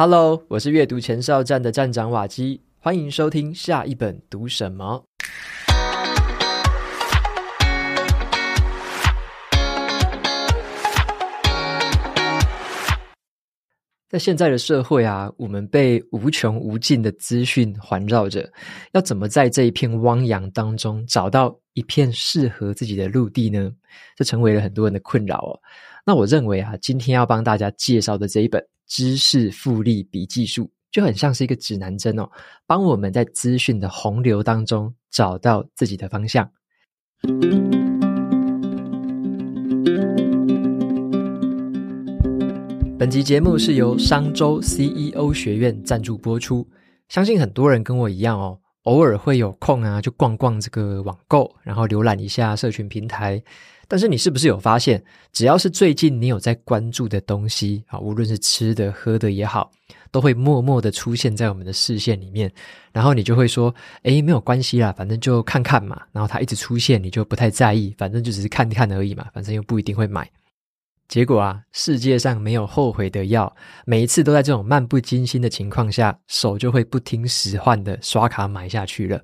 Hello，我是閱讀前哨站的站長瓦基，歡迎收聽下一本讀什麼。在現在的社會啊，我們被無窮無盡的資訊環繞着，要怎麼在這一片汪洋當中找到一片適合自己的陸地呢？這成為了很多人的困擾哦。那我認為啊，今天要幫大家介紹的這一本《知識複利筆記術》，就很像是一個指南針哦，幫我們在資訊的洪流當中找到自己的方向。本集節目是由商周 CEO 學院贊助播出，相信很多人跟我一樣哦。偶爾會有空啊，就逛逛這個網購，然後瀏覽一下社群平台。但是你是不是有發現，只要是最近你有在關注的東西啊，無論是吃的喝的也好，都會默默的出現在我們的視線裡面。然後你就會說，誒，沒有關係啦，反正就看看嘛。然後它一直出現，你就不太在意，反正就只是看看而已嘛，反正又不一定會買。結果啊，世界上沒有後悔的藥。每一次都在這種漫不經心的情況下，手就會不聽使喚的刷卡買下去了。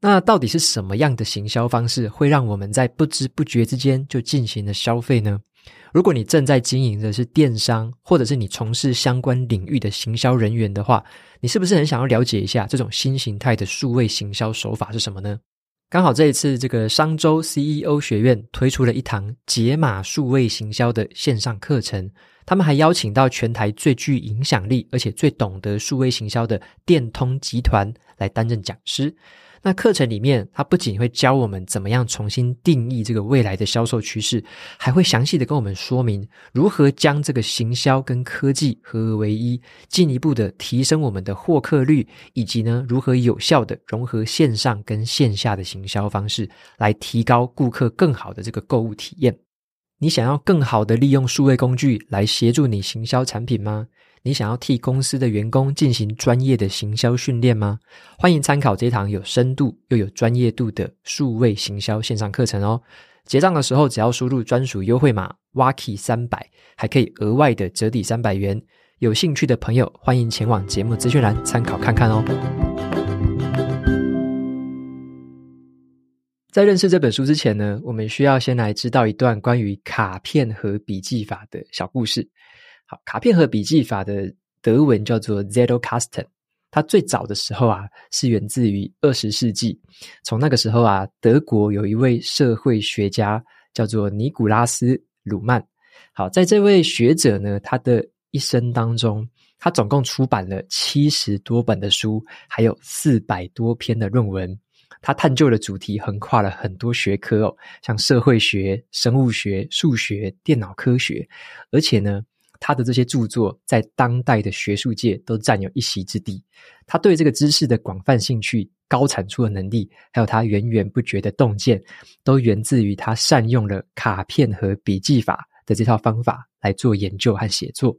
那到底是什麼樣的行銷方式，會讓我們在不知不覺之間就進行了消費呢？如果你正在經營的是電商，或者是你從事相關領域的行銷人員的話，你是不是很想要了解一下這種新形態的數位行銷手法是什麼呢？剛好這一次，這個商周 CEO 學院推出了一堂解碼數位行銷的線上課程。他們還邀請到全台最具影響力，而且最懂得數位行銷的電通集團來擔任講師。那課程裡面，他不僅會教我們怎麼樣重新定義這個未來的銷售趨勢，還會詳細的跟我們說明如何將這個行銷跟科技合二為一，進一步的提升我們的獲客率，以及呢如何有效的融合線上跟線下的行銷方式，來提高顧客更好的這個購物體驗。你想要更好的利用數位工具來協助你行銷產品嗎？你想要替公司的員工進行專業的行銷訓練嗎？歡迎參考這一堂有深度又有專業度的數位行銷線上課程哦！結賬的時候只要輸入專屬優惠碼 “Waki300”，還可以額外的折抵三百元。有興趣的朋友歡迎前往節目資訊欄參考看看哦。在認識這本書之前呢，我們需要先來知道一段關於卡片和筆記法的小故事。好，卡片和筆記法的德文叫做 Zettelkasten，它最早的時候啊，是源自於二十世紀。從那個時候啊，德國有一位社會學家叫做尼古拉斯·魯曼。好，在這位學者呢，他的一生當中，他總共出版了七十多本的書，還有四百多篇的論文。他探究的主題橫跨了很多學科哦，像社會學、生物學、數學、電腦科學，而且呢，他的這些著作在當代的學術界都佔有一席之地。他對這個知識的廣泛興趣、高產出的能力，還有他源源不絕的洞見，都源自於他善用了卡片和筆記法的這套方法來做研究和寫作。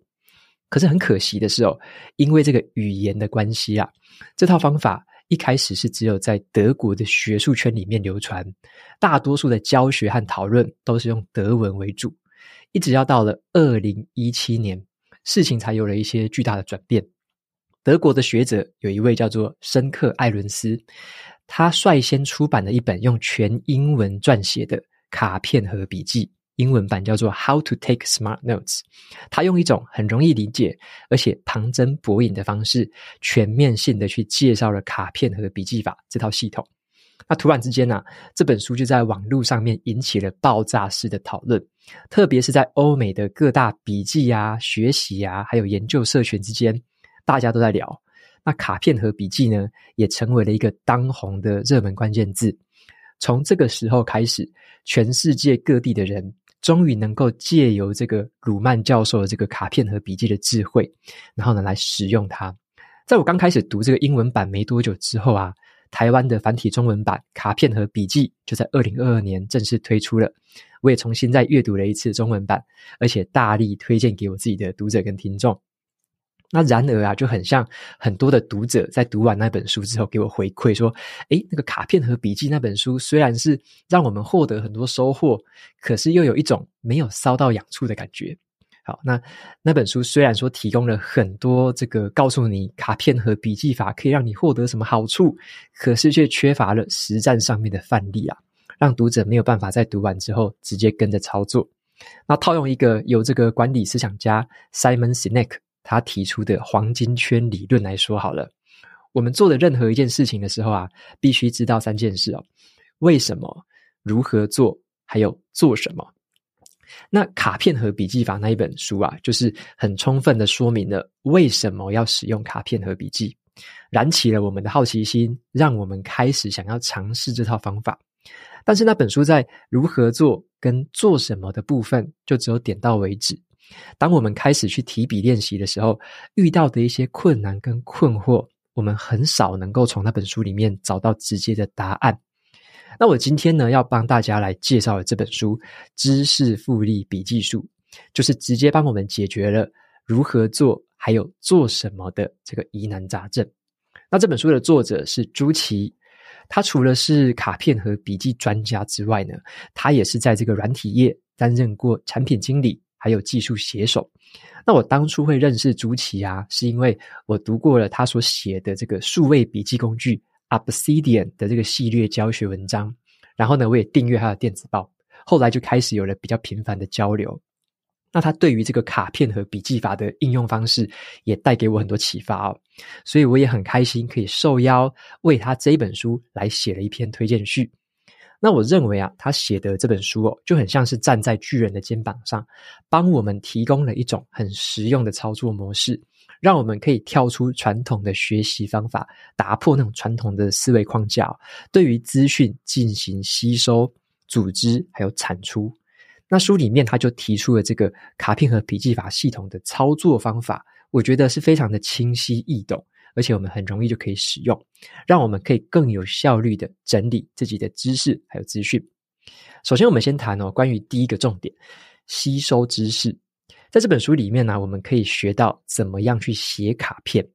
可是很可惜的是哦，因為這個語言的關係啊，這套方法，一開始是只有在德國的學術圈裡面流傳，大多數的教學和討論都是用德文為主，一直要到了二零一七年，事情才有了一些巨大的轉變。德國的學者有一位叫做申克·艾倫斯，他率先出版了一本用全英文撰寫的卡片盒筆記。英文版叫做《How to Take Smart Notes》，他用一種很容易理解而且旁徵博引的方式，全面性的去介紹了卡片盒筆記法這套系統。那突然之間呢、啊，這本書就在網絡上面引起了爆炸式的討論，特別是在歐美的各大筆記啊、學習啊，還有研究社群之間，大家都在聊。那卡片盒筆記呢，也成為了一個當紅的熱門關鍵字。從這個時候開始，全世界各地的人。終於能夠借由這個魯曼教授的這個卡片和筆記的智慧，然後呢，來使用它。在我剛開始讀這個英文版沒多久之後啊，台灣的繁體中文版卡片和筆記就在二零二二年正式推出了。我也重新再閱讀了一次中文版，而且大力推薦給我自己的讀者跟聽眾。那然而啊，就很像很多的讀者在讀完那本書之後，給我回饋說：“哎，那個卡片和筆記那本書雖然是讓我們獲得很多收穫，可是又有一種沒有搔到癢處的感覺。”好，那那本書雖然說提供了很多這個告訴你卡片和筆記法可以讓你獲得什麼好處，可是卻缺乏了實戰上面的範例啊，讓讀者沒有辦法在讀完之後直接跟着操作。那套用一個由這個管理思想家 Simon Sinek。他提出的黃金圈理論來說好了，我們做的任何一件事情的時候啊，必須知道三件事哦：為什麼、如何做，還有做什麼。那卡片盒筆記法那一本書啊，就是很充分的說明了為什麼要使用卡片盒筆記，燃起了我們的好奇心，讓我們開始想要嘗試這套方法。但是那本書在如何做跟做什麼的部分，就只有點到為止。當我們開始去提筆練習的時候，遇到的一些困難跟困惑，我們很少能夠從那本書裡面找到直接的答案。那我今天呢，要幫大家來介紹的這本書《知識複利筆記術》，就是直接幫我們解決了如何做，還有做什麼的這個疑難雜症。那這本書的作者是朱琦，他除了是卡片和筆記專家之外呢，他也是在這個軟體業擔任過產品經理。還有技術寫手。那我當初會認識朱騏啊，是因為我讀過了他所寫的這個數位筆記工具 Obsidian 的這個系列教學文章。然後呢，我也訂閱他的電子報，後來就開始有了比較頻繁的交流。那他對於這個卡片和筆記法的應用方式，也帶給我很多啟發哦。所以我也很開心可以受邀為他這本書來寫了一篇推薦序。那我認為啊，他寫的這本書哦，就很像是站在巨人的肩膀上，幫我們提供了一種很實用的操作模式，讓我們可以跳出傳統的學習方法，打破那種傳統的思維框架哦，對於資訊進行吸收、組織還有產出。那書裡面他就提出了這個卡片盒筆記法系統的操作方法，我覺得是非常的清晰易懂。而且我們很容易就可以使用，讓我們可以更有效率的整理自己的知識還有資訊。首先，我們先談哦，關於第一個重點，吸收知識。在這本書裡面呢，我們可以學到怎麼樣去寫卡片。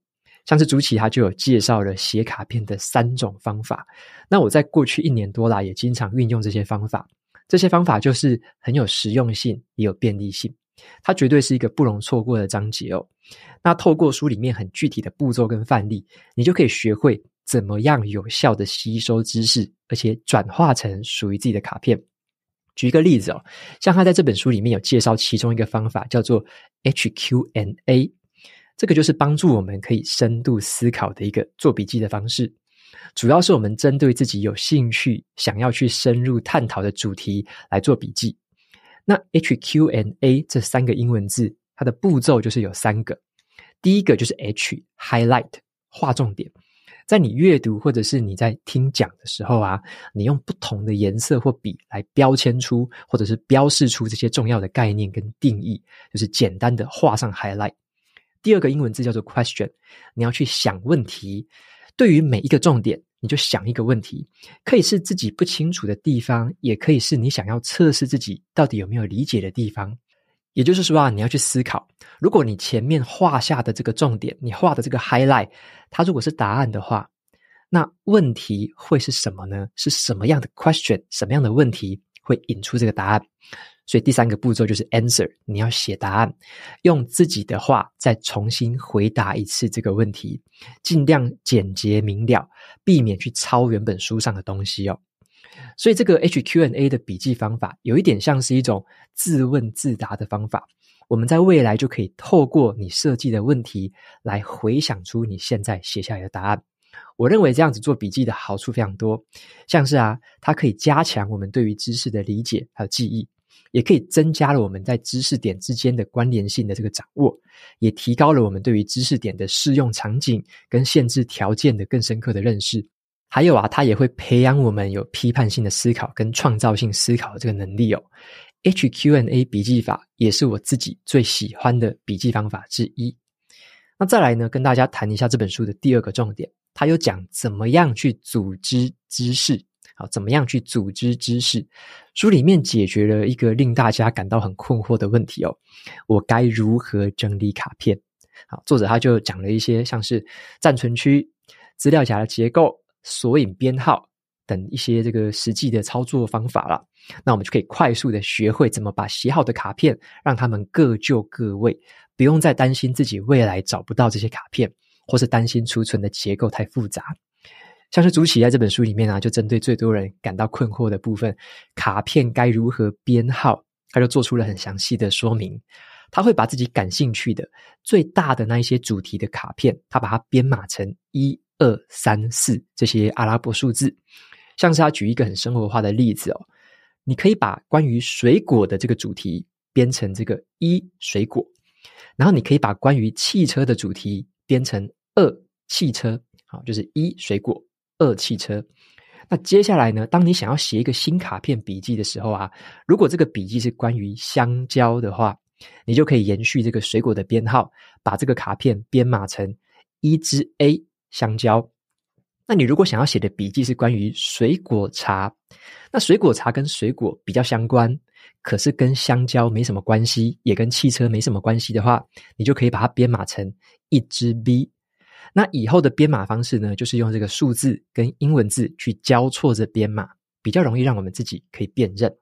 像是朱琦他就有介紹了寫卡片的三種方法。那我在過去一年多來也經常運用這些方法，這些方法就是很有實用性，也有便利性。它絕對是一個不容錯過的章節哦。那透過書裡面很具體的步驟跟範例，你就可以學會怎麼樣有效的吸收知識，而且轉化成屬於自己的卡片。舉一個例子哦，像他在這本書裡面有介紹其中一個方法，叫做 HQ&A。這個就是幫助我們可以深度思考的一個做筆記的方式。主要是我們針對自己有興趣、想要去深入探討的主題來做筆記。那 H Q & A 這三個英文字，它的步驟就是有三個。第一個就是 H，highlight，畫重點，在你閱讀或者是你在聽講的時候啊，你用不同的顏色或筆來標籤出或者是標示出這些重要的概念跟定義，就是簡單的畫上 highlight。第二個英文字叫做 question，你要去想問題，對於每一個重點。你就想一個問題，可以是自己不清楚的地方，也可以是你想要測試自己到底有沒有理解的地方。也就是說啊，你要去思考，如果你前面畫下的這個重點，你畫的這個 highlight，它如果是答案的話，那問題會是什麼呢？是什麼樣的 question，什麼樣的問題會引出這個答案？所以第三個步驟就是 answer，你要寫答案，用自己的話再重新回答一次這個問題，盡量簡潔明了，避免去抄原本書上的東西哦。所以這個 HQ&A 的筆記方法有一點像是一種自問自答的方法。我們在未來就可以透過你設計的問題來回想出你現在寫下來的答案。我認為這樣子做筆記的好處非常多，像是啊，它可以加強我們對於知識的理解還有記憶。也可以增加了我們在知識點之間的關聯性的這個掌握，也提高了我們對於知識點的適用場景跟限制條件的更深刻的認識。還有啊，它也會培養我們有批判性的思考跟創造性思考的這個能力哦。HQ&A 筆記法也是我自己最喜歡的筆記方法之一。那再來呢，跟大家談一下這本書的第二個重點，它有講怎麼樣去組織知識，好，怎麼樣去組織知識。書裡面解決了一個令大家感到很困惑的問題哦，我該如何整理卡片？好，作者他就講了一些像是暫存區、資料夾的結構、索引編號等一些這個實際的操作方法了。那我們就可以快速的學會怎麼把寫好的卡片，讓他們各就各位，不用再擔心自己未來找不到這些卡片，或是擔心儲存的結構太複雜。像是朱騏在這本書裡面啊，就針對最多人感到困惑的部分，卡片該如何編號，他就做出了很詳細的說明。他會把自己感興趣的、最大的那一些主題的卡片，他把它編碼成一二三四這些阿拉伯數字。像是他舉一個很生活化的例子哦，你可以把關於水果的這個主題編成這個一水果，然後你可以把關於汽車的主題編成二汽車，好，就是一水果，二汽車，那接下來呢？當你想要寫一個新卡片筆記的時候啊，如果這個筆記是關於香蕉的話，你就可以延續這個水果的編號，把這個卡片編碼成一支 A 香蕉。那你如果想要寫的筆記是關於水果茶，那水果茶跟水果比較相關，可是跟香蕉沒什麼關係，也跟汽車沒什麼關係的話，你就可以把它編碼成一支 B。那以後的編碼方式呢，就是用這個數字跟英文字去交錯着編碼，比較容易讓我們自己可以辨認。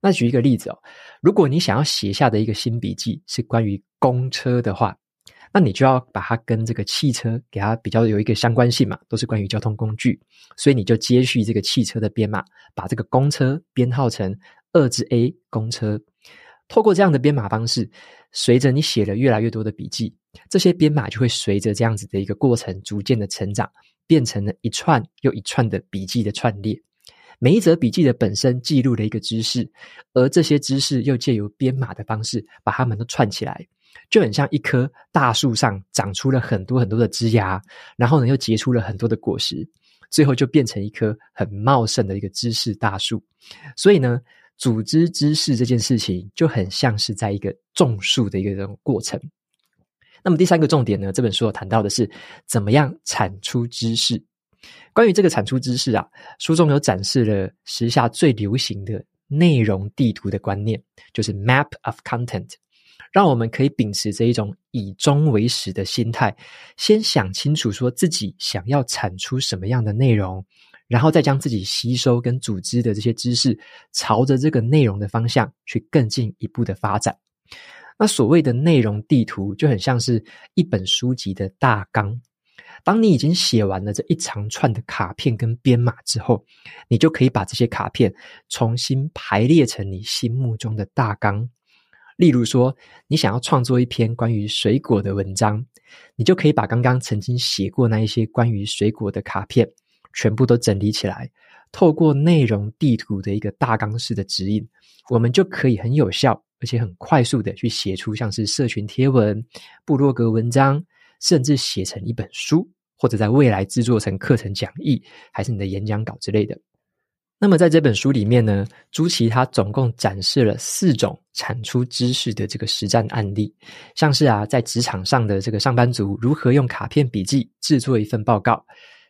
那舉一個例子哦，如果你想要寫下的一個新筆記是關於公車的話，那你就要把它跟這個汽車給它比較有一個相關性嘛，都是關於交通工具，所以你就接續這個汽車的編碼，把這個公車編號成二之 A 公車。透過這樣的編碼方式，隨着你寫了越來越多的筆記。這些編碼就會隨着這樣子的一個過程，逐漸的成長，變成了一串又一串的筆記的串列。每一則筆記的本身記錄了一個知識，而這些知識又借由編碼的方式把它們都串起來，就很像一棵大樹上長出了很多很多的枝芽，然後呢又結出了很多的果實，最後就變成一棵很茂盛的一個知識大樹。所以呢，組織知識這件事情就很像是在一個種樹的一個這種過程。那麼第三個重點呢，這本書有談到的是怎麼樣產出知識。關於這個產出知識啊，書中有展示了時下最流行的內容地圖的觀念，就是 Map of Content，讓我們可以秉持着一種以終為始的心態，先想清楚說自己想要產出什麼樣的內容，然後再將自己吸收跟組織的這些知識，朝着這個內容的方向去更進一步的發展。那所謂的內容地圖就很像是一本書籍的大綱。當你已經寫完了這一長串的卡片跟編碼之後，你就可以把這些卡片重新排列成你心目中的大綱。例如說，你想要創作一篇關於水果的文章，你就可以把剛剛曾經寫過那一些關於水果的卡片全部都整理起來，透過內容地圖的一個大綱式的指引，我們就可以很有效，而且很快速的去寫出像是社群貼文、部落格文章，甚至寫成一本書，或者在未來製作成課程講義，還是你的演講稿之類的。那麼在這本書裡面呢，朱騏他總共展示了四種產出知識的這個實戰案例，像是啊，在職場上的這個上班族如何用卡片筆記製作一份報告，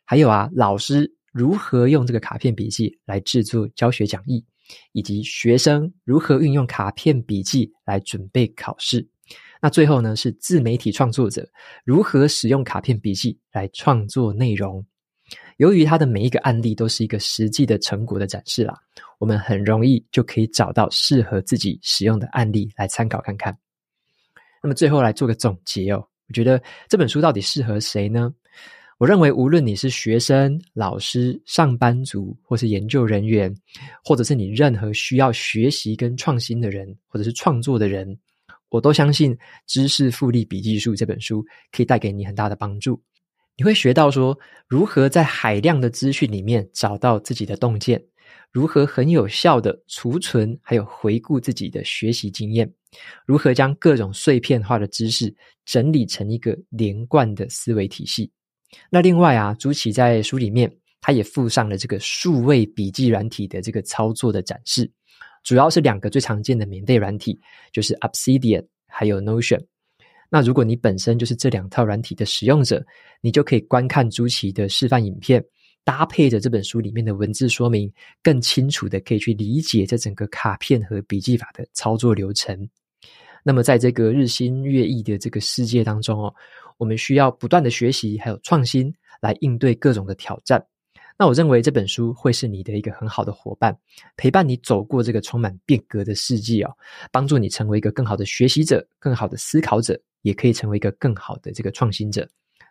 還有啊，老師如何用這個卡片筆記來製作教學講義。以及學生如何運用卡片筆記來準備考試。那最後呢，是自媒體創作者如何使用卡片筆記來創作內容。由於它的每一個案例都是一個實際的成果的展示啦，我們很容易就可以找到適合自己使用的案例來參考看看。那麼最後來做個總結哦，我覺得這本書到底適合誰呢？我認為，無論你是學生、老師、上班族，或是研究人員，或者是你任何需要學習跟創新的人，或者是創作的人，我都相信《知識複利筆記術》這本書可以帶給你很大的幫助。你會學到說，如何在海量的資訊裡面找到自己的洞見，如何很有效地儲存還有回顧自己的學習經驗，如何將各種碎片化的知識整理成一個連貫的思維體系。那另外啊，朱騏在書裡面，他也附上了這個數位筆記軟體的這個操作的展示，主要是兩個最常見的免費軟體，就是 Obsidian 還有 Notion。那如果你本身就是這兩套軟體的使用者，你就可以觀看朱騏的示範影片，搭配着這本書裡面的文字說明，更清楚地可以去理解這整個卡片和筆記法的操作流程。那麼在這個日新月異的這個世界當中哦。我們需要不斷的學習，還有創新，來應對各種的挑戰。那我認為這本書會是你的一個很好的夥伴，陪伴你走過這個充滿變革的世紀哦，幫助你成為一個更好的學習者、更好的思考者，也可以成為一個更好的這個創新者。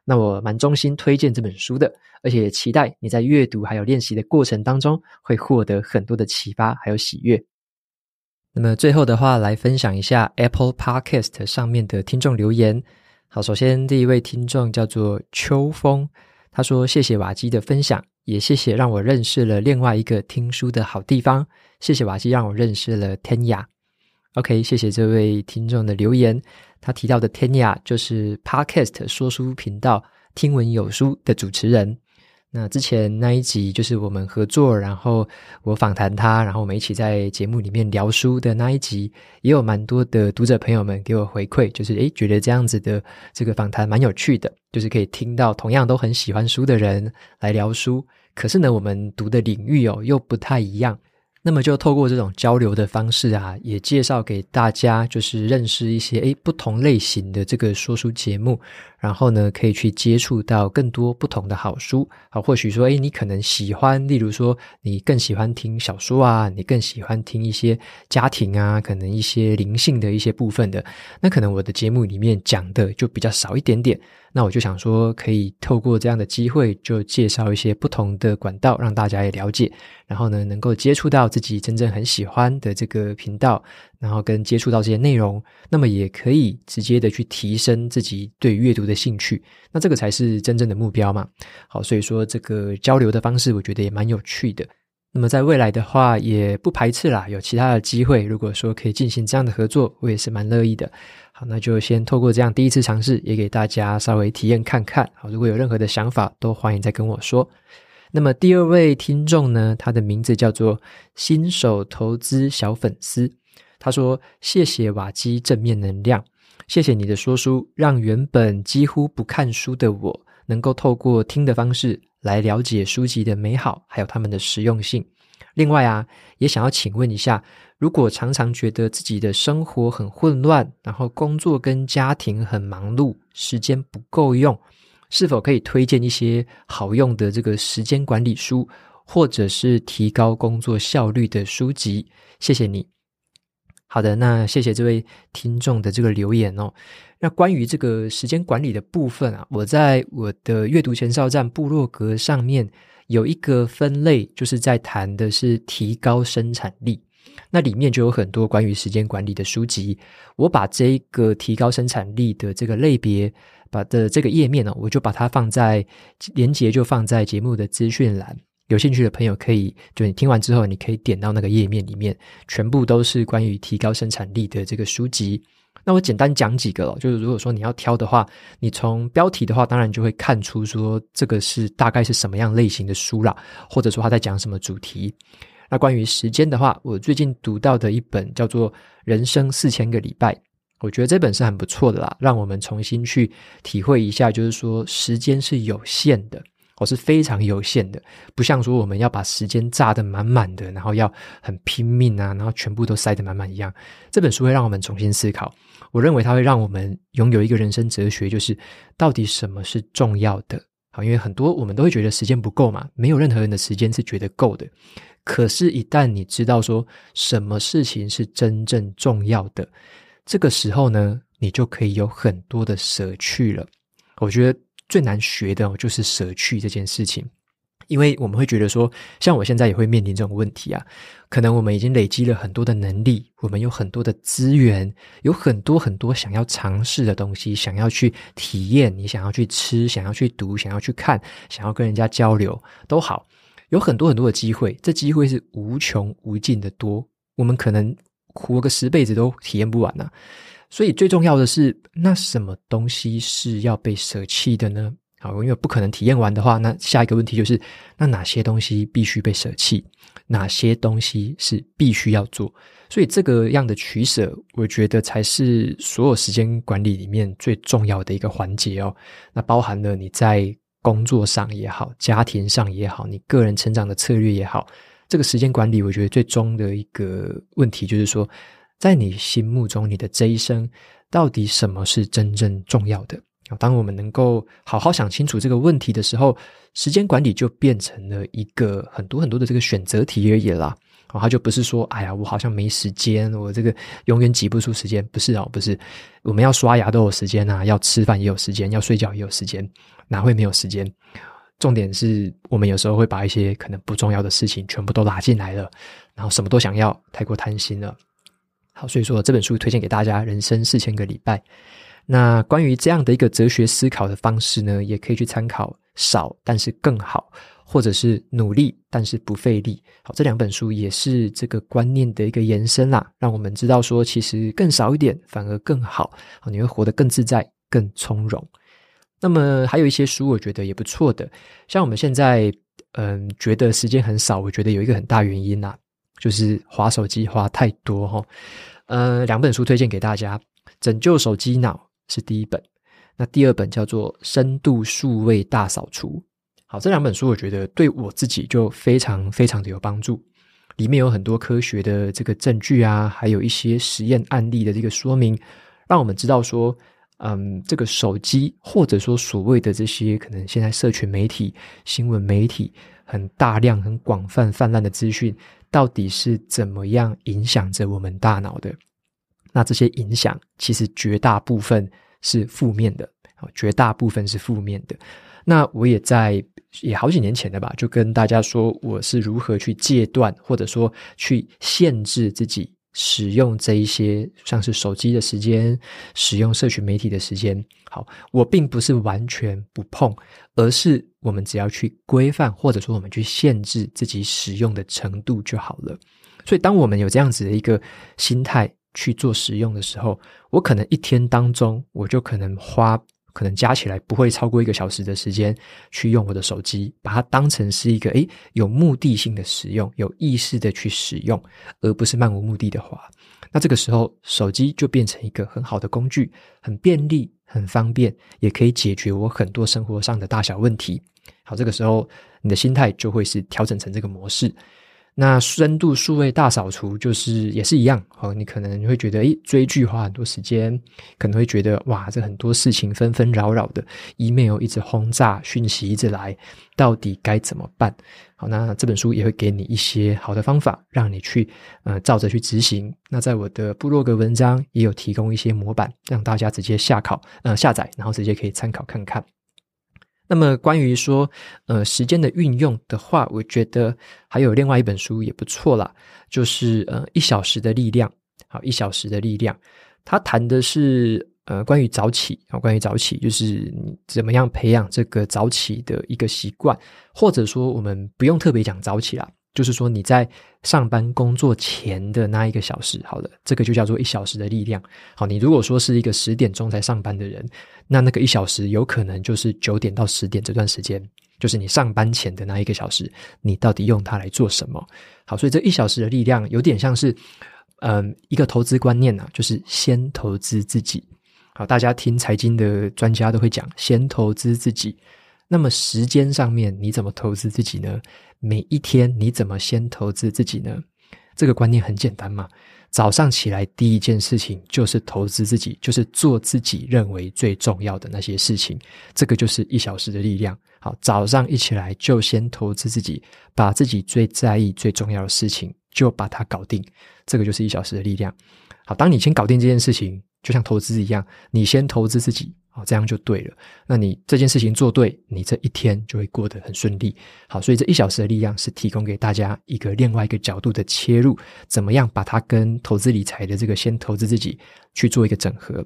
那我蠻衷心推薦這本書的，而且也期待你在閱讀還有練習的過程當中，會獲得很多的啟發還有喜悅。那麼最後的話，來分享一下 Apple Podcast 上面的聽眾留言。好，首先第一位聽眾叫做秋風，他說：“謝謝瓦基的分享，也謝謝讓我認識了另外一個聽書的好地方。謝謝瓦基讓我認識了天雅。”OK，謝謝這位聽眾的留言。他提到的天雅就是 Podcast 說書頻道“聽聞有書”的主持人。那之前那一集就是我們合作，然後我訪談他，然後我們一起在節目裡面聊書的那一集，也有蠻多的讀者朋友們給我回饋，就是誒覺得這樣子的這個訪談蠻有趣的，就是可以聽到同樣都很喜歡書的人來聊書。可是呢，我們讀的領域哦又不太一樣，那麼就透過這種交流的方式啊，也介紹給大家，就是認識一些誒不同類型的這個說書節目。然後呢，可以去接觸到更多不同的好書。好，或許說，誒，你可能喜歡，例如說，你更喜歡聽小說啊，你更喜歡聽一些家庭啊，可能一些靈性的一些部分的。那可能我的節目裡面講的就比較少一點點。那我就想說，可以透過這樣的機會，就介紹一些不同的管道，讓大家也了解，然後呢，能夠接觸到自己真正很喜歡的這個頻道。然後跟接觸到這些內容，那麼也可以直接的去提升自己對閱讀的興趣，那這個才是真正的目標嘛。好，所以說這個交流的方式，我覺得也蠻有趣的。那麼在未來的話，也不排斥啦，有其他的機會，如果說可以進行這樣的合作，我也是蠻樂意的。好，那就先透過這樣第一次嘗試，也給大家稍微體驗看看。好，如果有任何的想法，都歡迎再跟我說。那麼第二位聽眾呢，他的名字叫做新手投資小粉絲。他說：“謝謝瓦基正面能量，謝謝你的說書，讓原本幾乎不看書的我，能夠透過聽的方式來了解書籍的美好，還有他們的實用性。另外啊，也想要請問一下，如果常常覺得自己的生活很混亂，然後工作跟家庭很忙碌，時間不夠用，是否可以推薦一些好用的這個時間管理書，或者是提高工作效率的書籍？謝謝你。”好的，那謝謝這位聽眾的這個留言哦。那關於這個時間管理的部分啊，我在我的閱讀前哨站部落格上面有一個分類，就是在談的是提高生產力。那裡面就有很多關於時間管理的書籍。我把這一個提高生產力的這個類別把的這個頁面呢、啊，我就把它放在連接，就放在節目的資訊欄。有興趣的朋友可以，就你聽完之後，你可以點到那個頁面裡面，全部都是關於提高生產力的這個書籍。那我簡單講幾個咯，就是如果說你要挑的話，你從標題的話，當然就會看出說這個是大概是什麼樣類型的書啦，或者說他在講什麼主題。那關於時間的話，我最近讀到的一本叫做《人生四千個禮拜》，我覺得這本是很不錯的啦，讓我們重新去體會一下，就是說時間是有限的。我是非常有限的，不像說我們要把時間榨得滿滿的，然後要很拼命啊，然後全部都塞得滿滿一樣。這本書會讓我們重新思考，我認為它會讓我們擁有一個人生哲學，就是到底什麼是重要的。好，因為很多我們都會覺得時間不夠嘛，沒有任何人的時間是覺得夠的。可是，一旦你知道說什麼事情是真正重要的，這個時候呢，你就可以有很多的捨去了。我覺得。最難學的就是捨去這件事情，因為我們會覺得說，像我現在也會面臨這種問題啊。可能我們已經累積了很多的能力，我們有很多的資源，有很多很多想要嘗試的東西，想要去體驗，你想要去吃，想要去讀，想要去看，想要跟人家交流都好，有很多很多的機會，這機會是無窮無盡的多，我們可能活個十輩子都體驗不完呢啊。所以最重要的是，那什麼東西是要被捨棄的呢？好，因為不可能體驗完的話，那下一個問題就是，那哪些東西必須被捨棄，哪些東西是必須要做？所以這個樣的取捨，我覺得才是所有時間管理裡面最重要的一個環節哦。那包含了你在工作上也好，家庭上也好，你個人成長的策略也好，這個時間管理，我覺得最終的一個問題就是說，在你心目中，你的這一生到底什麼是真正重要的？當我們能夠好好想清楚這個問題的時候，時間管理就變成了一個很多很多的這個選擇題而已啦。然後就不是說，哎呀，我好像沒時間，我這個永遠擠不出時間。不是啊，不是，我們要刷牙都有時間啊，要吃飯也有時間，要睡覺也有時間，哪會沒有時間？重點是我們有時候會把一些可能不重要的事情全部都拉進來了，然後什麼都想要，太過貪心了。好，所以說這本書推薦給大家，《人生四千個禮拜》。那關於這樣的一個哲學思考的方式呢，也可以去參考少，但是更好，或者是努力但是不費力。好，這兩本書也是這個觀念的一個延伸啦，讓我們知道說，其實更少一點反而更好，好，你會活得更自在、更從容。那麼還有一些書，我覺得也不錯的，像我們現在嗯覺得時間很少，我覺得有一個很大原因吶。就是滑手機滑太多哈、哦，呃，兩本書推薦給大家，《拯救手機腦》是第一本，那第二本叫做《深度數位大掃除》。好，這兩本書我覺得對我自己就非常非常的有幫助，裡面有很多科學的這個證據啊，還有一些實驗案例的這個說明，讓我們知道說。嗯，這個手機，或者說所謂的這些，可能現在社群媒體、新聞媒體很大量、很廣泛、氾濫的資訊，到底是怎麼樣影響着我們大腦的？那這些影響其實絕大部分是負面的，啊，絕大部分是負面的。那我也在，也好幾年前了吧，就跟大家說我是如何去戒斷，或者說去限制自己。使用這一些像是手機的時間，使用社群媒體的時間，好，我並不是完全不碰，而是我們只要去規範，或者說我們去限制自己使用的程度就好了。所以當我們有這樣子的一個心態去做使用的時候，我可能一天當中，我就可能花。可能加起來不會超過一個小時的時間去用我的手機，把它當成是一個，欸，有目的性的使用，有意識的去使用，而不是漫無目的的滑。那這個時候，手機就變成一個很好的工具，很便利、很方便，也可以解決我很多生活上的大小問題。好，這個時候你的心態就會是調整成這個模式。那深度數位大掃除就是也是一樣，好，你可能會覺得誒，追劇花很多時間，可能會覺得，哇，這很多事情紛紛擾擾的，email 一直轟炸，訊息一直來，到底該怎麼辦？好，那這本書也會給你一些好的方法，讓你去，呃，照着去執行。那在我的部落格文章也有提供一些模板，讓大家直接下考，呃，下載，然後直接可以參考看看。那麼關於說，呃，時間的運用的話，我覺得還有另外一本書也不錯啦，就是呃，一小時的力量。好，一小時的力量，它談的是呃，關於早起，哦，關於早起，就是你怎麼樣培養這個早起的一個習慣，或者說我們不用特別講早起啦。就是說，你在上班工作前的那一個小時，好了，這個就叫做一小時的力量。好，你如果說是一個十點鐘才上班的人，那那個一小時有可能就是九點到十點這段時間，就是你上班前的那一個小時，你到底用它來做什麼？好，所以這一小時的力量有點像是，嗯，一個投資觀念呢，就是先投資自己。好，大家聽財經的專家都會講，先投資自己。那麼時間上面你怎麼投資自己呢？每一天你怎麼先投資自己呢？這個觀念很簡單嘛，早上起來第一件事情就是投資自己，就是做自己認為最重要的那些事情。這個就是一小時的力量。好，早上一起來就先投資自己，把自己最在意、最重要的事情就把它搞定。這個就是一小時的力量。好，當你先搞定這件事情，就像投資一樣，你先投資自己。哦，這樣就對了。那你這件事情做對，你這一天就會過得很順利。好，所以這一小時的力量是提供給大家一個另外一個角度的切入，怎麼樣把它跟投資理財的這個先投資自己去做一個整合。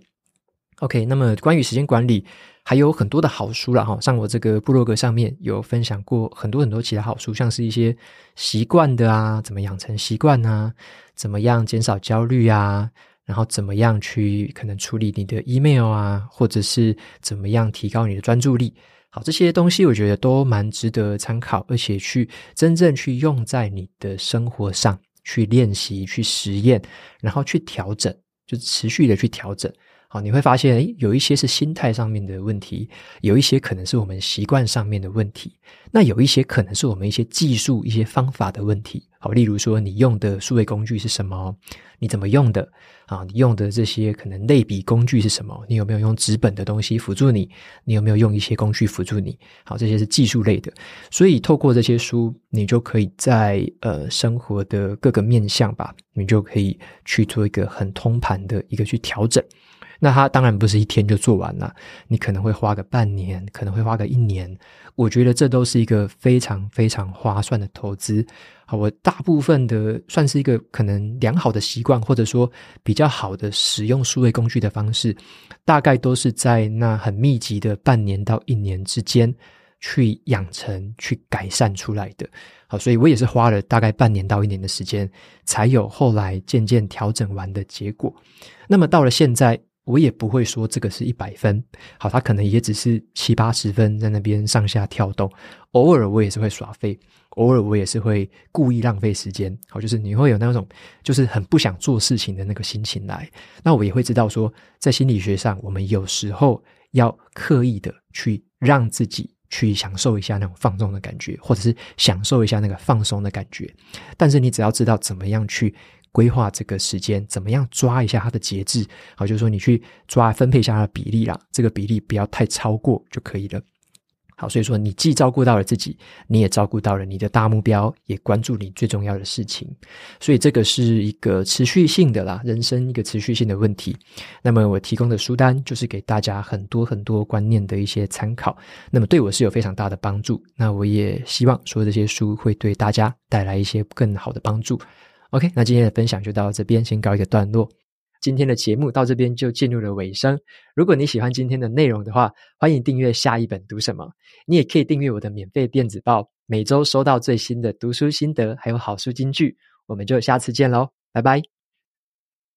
OK，那麼關於時間管理，還有很多的好書啦哈。像我這個部落格上面有分享過很多很多其他好書，像是一些習慣的啊，怎麼養成習慣啊，怎麼樣減少焦慮啊？然後怎麼樣去可能處理你的 email 啊，或者是怎麼樣提高你的專注力。好，這些東西我覺得都蠻值得參考，而且去真正去用在你的生活上，去練習、去實驗，然後去調整，就持續的去調整。好，你會發現誒，有一些是心態上面的問題，有一些可能是我們習慣上面的問題，那有一些可能是我們一些技術、一些方法的問題。好，例如說你用的數位工具是什麼？你怎麼用的？啊，你用的這些可能類比工具是什麼？你有沒有用紙本的東西輔助你？你有沒有用一些工具輔助你？好，這些是技術類的。所以透過這些書，你就可以在呃生活的各個面向吧，你就可以去做一個很通盤的一個去調整。那它當然不是一天就做完了，你可能會花個半年，可能會花個一年。我覺得這都是一個非常非常划算的投資。好，我大部分的算是一個可能良好的習慣，或者說比較好的使用數位工具的方式，大概都是在那很密集的半年到一年之間去養成、去改善出來的。好，所以我也是花了大概半年到一年的時間，才有後來漸漸調整完的結果。那麼到了現在。我也不會說這個是一百分，好，他可能也只是七八十分在那邊上下跳動，偶爾我也是會耍廢，偶爾我也是會故意浪費時間，好，就是你會有那種就是很不想做事情的那個心情來，那我也會知道說，在心理學上，我們有時候要刻意的去讓自己去享受一下那種放縱的感覺，或者是享受一下那個放鬆的感覺，但是你只要知道怎麼樣去。規劃這個時間，怎麼樣抓一下它的節制？好，就是說你去抓分配一下它的比例啦，這個比例不要太超過就可以了。好，所以說你既照顧到了自己，你也照顧到了你的大目標，也關注你最重要的事情。所以這個是一個持續性的啦，人生一個持續性的問題。那麼我提供的書單就是給大家很多很多觀念的一些參考。那麼對我是有非常大的幫助。那我也希望說這些書會對大家帶來一些更好的幫助。OK，那今天的分享就到這邊，先告一個段落。今天的節目到這邊就進入了尾聲。如果你喜歡今天的內容的話，歡迎訂閱下一本讀什麼。你也可以訂閱我的免費電子報，每週收到最新的讀書心得，還有好書金句。我們就下次見嘍，拜拜。